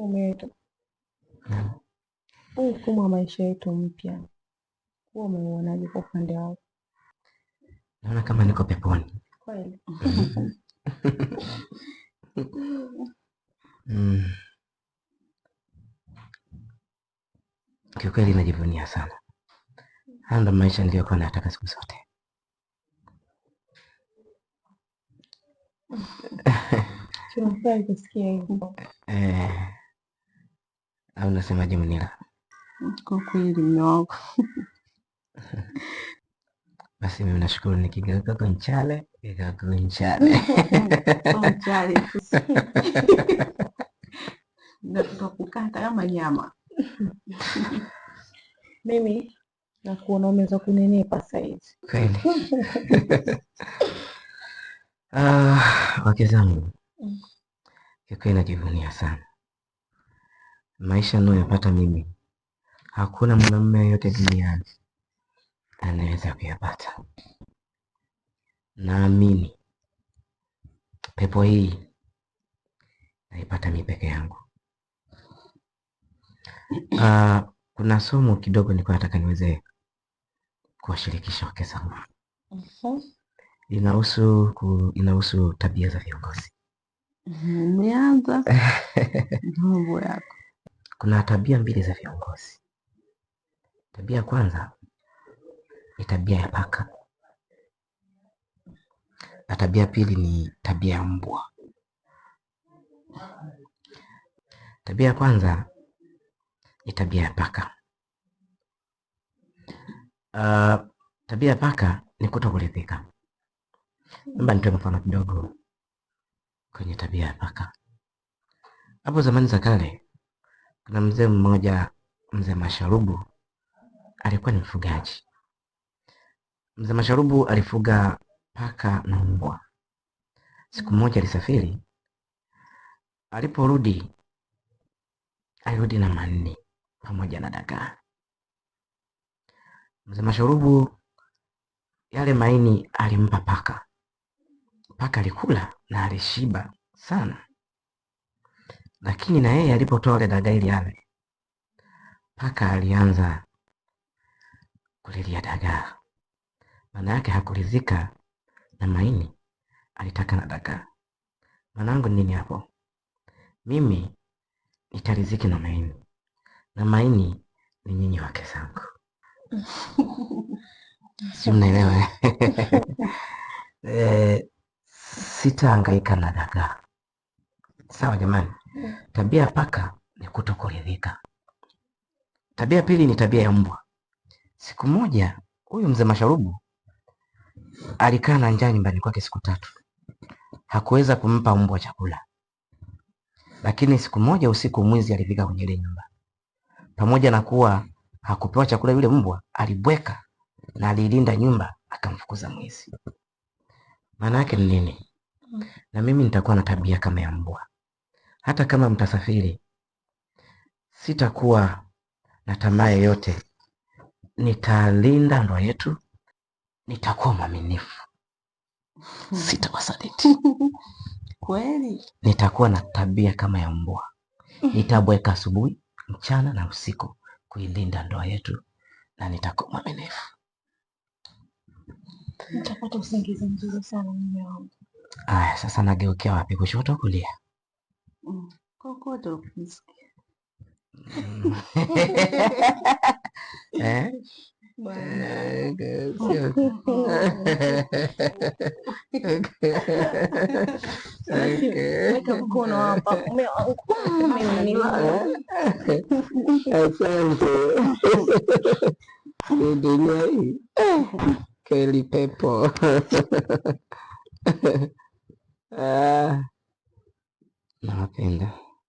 umeweka huu mfumo mm. wa maisha yetu mpya huwa umeuonaje kwa upande wako? Naona kama niko peponi kweli. Mm. mm. Kiukweli najivunia sana. Haya ndo maisha niliyokuwa nataka siku zote. Tunafurahi kusikia hivyo unasemaje mnila Kwa kweli mume wangu. Basi mimi nashukuru, nikigeuka konchale nchale konchale konchale, nakukata kama nyama mimi nakuona umeweza kunenepa saizi kweli. Ah, wake zangu mm. kikweli, najivunia sana maisha ninayoyapata mimi hakuna mwanamume yeyote duniani anaweza kuyapata. Naamini pepo hii naipata mimi peke yangu. Uh, kuna somo kidogo nilikuwa nataka niweze kuwashirikisha wake zangu. uh-huh. Inahusu ku, inahusu tabia za viongozi. Nianza mambo yako. Kuna tabia mbili za viongozi. Tabia ya kwanza ni tabia ya paka na tabia pili ni tabia ya mbwa. Tabia ya kwanza ni tabia ya paka. Uh, tabia ya paka ni kutokuridhika. Naomba nitoe mfano kidogo kwenye tabia ya paka. Hapo zamani za kale kuna mzee mmoja, mzee Masharubu, alikuwa ni mfugaji. Mzee Masharubu alifuga paka na mbwa. Siku moja alisafiri, aliporudi alirudi na manne pamoja na dagaa. Mzee Masharubu yale maini alimpa paka, paka alikula na alishiba sana. Lakini na yeye alipotoa ile dagaa yale, paka alianza kulilia dagaa. Maana yake hakuridhika na maini, alitaka na dagaa. Mwanangu, nini hapo? Mimi nitariziki na maini, na maini ni nyinyi wake zangu si mnaelewa? E, eh? eh, sitaangaika na dagaa. Sawa jamani. Tabia ya paka ni kutokuridhika. Tabia pili ni tabia ya mbwa. Siku moja huyu mzee Masharubu alikaa na njaa nyumbani kwake siku tatu, hakuweza kumpa mbwa chakula. Lakini siku moja usiku, mwizi alifika kwenye ile nyumba. Pamoja na kuwa hakupewa chakula yule mbwa, alibweka na alilinda nyumba, akamfukuza mwizi. Maana yake ni nini? Mm. Na mimi nitakuwa na tabia kama ya mbwa hata kama mtasafiri, sitakuwa na tamaa yoyote. Nitalinda ndoa yetu, nitakuwa mwaminifu, hmm. sitawasaliti kweli. Nitakuwa na tabia kama ya mbwa, hmm. nitabweka asubuhi, mchana na usiku kuilinda ndoa yetu, na nitakuwa mwaminifu. Nitapata usingizi mzuri sana mume wangu. Aya, sasa nageukia wapi? Kushoto, kulia? Okudowski. eh? Eh, che, sì, ok. qualcuno un po' come un animale. È sempre. Quindi noi, che li peppo. ah, non appena.